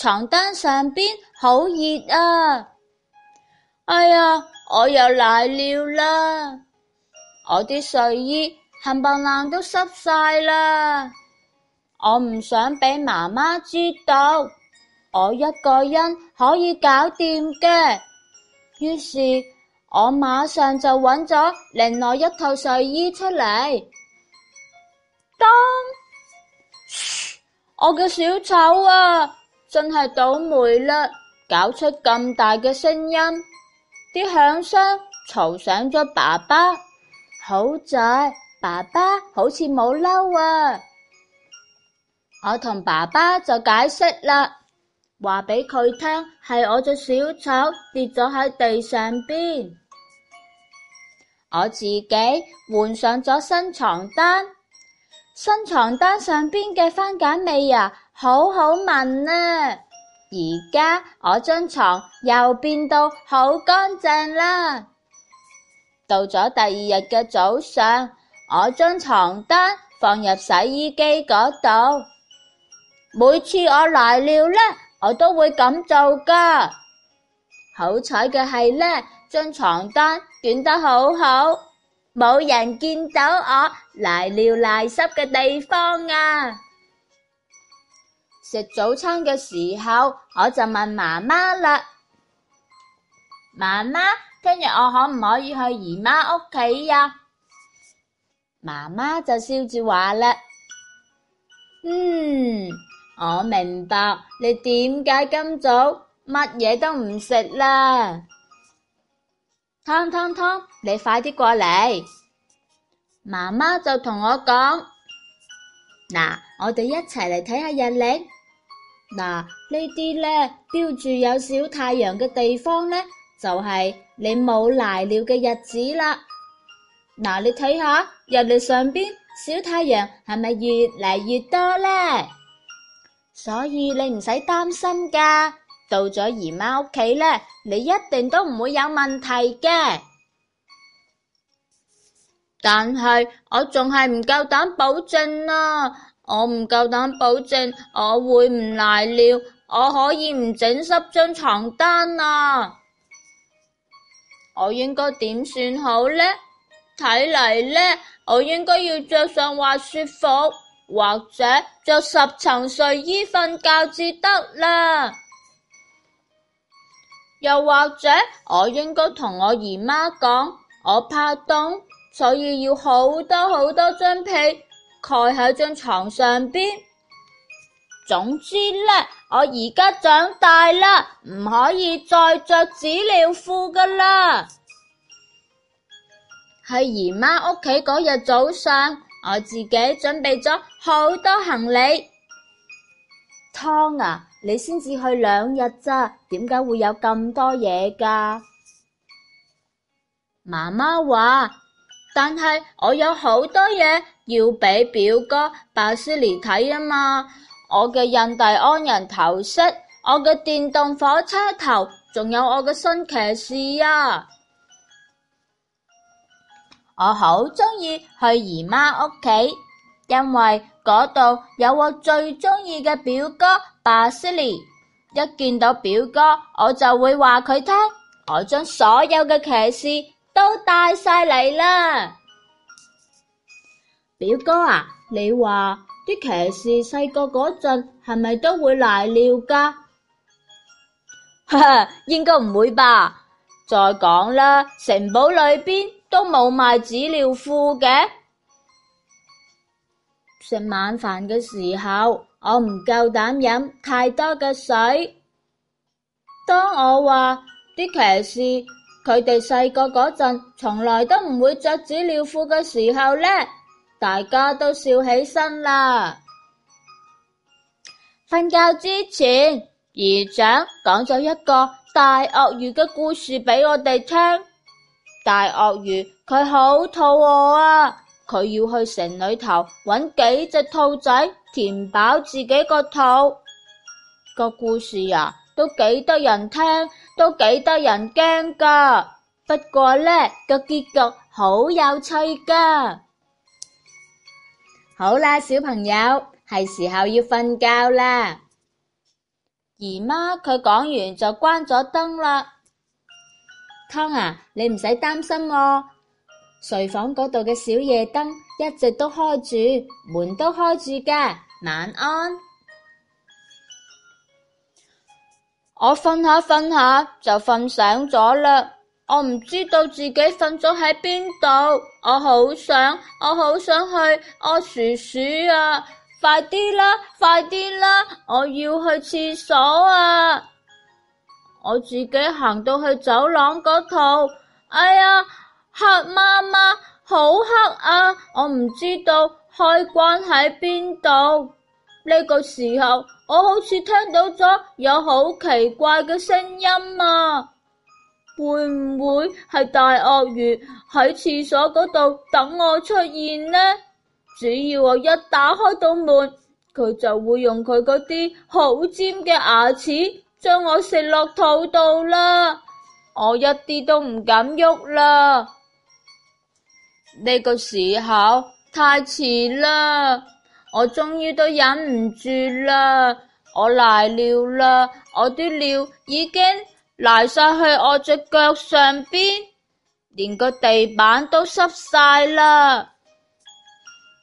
床單上邊好熱啊！哎呀，我又賴尿啦！我啲睡衣冚唪唥都濕晒啦！我唔想俾媽媽知道，我一個人可以搞掂嘅。於是我馬上就揾咗另外一套睡衣出嚟。當，我嘅小丑啊！真係倒霉啦！搞出咁大嘅聲音，啲響聲嘈醒咗爸爸。好在爸爸好似冇嬲啊！我同爸爸就解釋啦，話俾佢聽係我隻小丑跌咗喺地上邊，我自己換上咗新床單，新床單上邊嘅番梘味啊。好好聞啦，而家我張床又變到好乾淨啦。到咗第二日嘅早上，我將床單放入洗衣機嗰度。每次我賴尿呢，我都會咁做噶。好彩嘅係呢，張床單捲得好好，冇人見到我賴尿賴濕嘅地方啊。食早餐嘅時候，我就問媽媽啦：媽媽，聽日我可唔可以去姨媽屋企呀？媽媽就笑住話啦：嗯，我明白你點解今早乜嘢都唔食啦。湯湯湯，你快啲過嚟。媽媽就同我講：嗱、嗯，我哋一齊嚟睇下日曆。嗱，呢啲、啊、呢，標住有小太陽嘅地方呢，就係、是、你冇瀨尿嘅日子啦。嗱、啊，你睇下日曆上邊小太陽係咪越嚟越多呢？所以你唔使擔心噶，到咗姨媽屋企呢，你一定都唔會有問題嘅。但係我仲係唔夠膽保證啊！我唔夠膽保證我會唔賴尿，我可以唔整濕張床單啊！我應該點算好呢？睇嚟呢，我應該要着上滑雪服，或者着十層睡衣瞓覺至得啦。又或者我應該同我姨媽講，我怕凍，所以要好多好多張被。蓋喺張床上邊。總之咧，我而家長大啦，唔可以再着紙尿褲噶啦。喺姨媽屋企嗰日早上，我自己準備咗好多行李。湯啊，你先至去兩日咋？點解會有咁多嘢噶？媽媽話。但係我有好多嘢要俾表哥巴斯利睇啊嘛！我嘅印第安人頭飾，我嘅電動火車頭，仲有我嘅新騎士啊！我好鍾意去姨媽屋企，因為嗰度有我最鍾意嘅表哥巴斯利。一見到表哥，我就會話佢聽。我將所有嘅騎士。都帶晒嚟啦，表哥啊，你話啲騎士細個嗰陣係咪都會賴尿噶？哈哈，應該唔會吧？再講啦，城堡裏邊都冇賣紙尿褲嘅。食晚飯嘅時候，我唔夠膽飲太多嘅水。當我話啲騎士。佢哋細個嗰陣，從來都唔會着紙尿褲嘅時候呢，大家都笑起身啦。瞓覺之前，姨長講咗一個大鱷魚嘅故事俾我哋聽。大鱷魚佢好肚餓啊，佢要去城裏頭搵幾隻兔仔填飽自己個肚。個故事啊，都幾得人聽。都幾得人驚噶，不過呢個結局好有趣噶。好啦，小朋友，係時候要瞓覺啦。姨媽佢講完就關咗燈啦。湯啊，你唔使擔心我，睡房嗰度嘅小夜燈一直都開住，門都開住噶。晚安。我瞓下瞓下就瞓醒咗啦，我唔知道自己瞓咗喺邊度，我好想，我好想去屙薯薯啊！快啲啦，快啲啦，我要去廁所啊！我自己行到去走廊嗰度，哎呀，黑媽媽，好黑啊！我唔知道開關喺邊度。呢個時候，我好似聽到咗有好奇怪嘅聲音啊！會唔會係大鱷魚喺廁所嗰度等我出現呢？只要我一打開到門，佢就會用佢嗰啲好尖嘅牙齒將我食落肚度啦！我一啲都唔敢喐啦！呢個時候太遲啦！我終於都忍唔住啦，我賴尿啦，我啲尿已經賴晒去我隻腳上邊，連個地板都濕晒啦。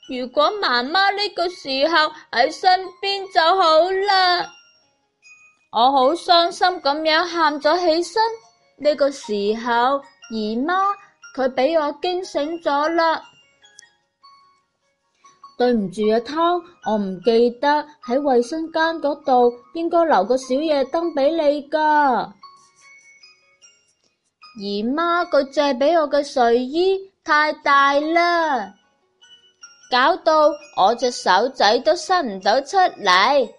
如果媽媽呢個時候喺身邊就好啦，我好傷心咁樣喊咗起身。呢個時候，姨媽佢俾我驚醒咗啦。對唔住啊，湯，我唔記得喺衛生間嗰度應該留個小夜燈俾你噶。姨媽佢借俾我嘅睡衣太大啦，搞到我隻手仔都伸唔到出嚟。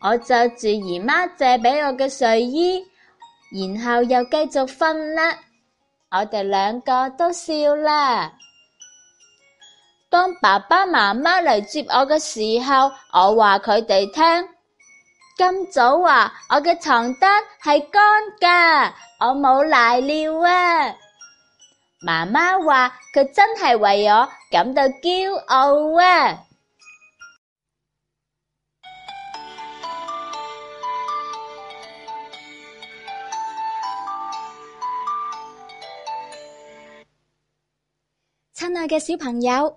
我着住姨媽借俾我嘅睡衣，然後又繼續瞓啦。我哋兩個都笑啦。當爸爸媽媽嚟接我嘅時候，我話佢哋聽。今早話啊，我嘅床單係乾噶，我冇瀨尿啊。媽媽話佢真係為我感到驕傲啊！親愛嘅小朋友。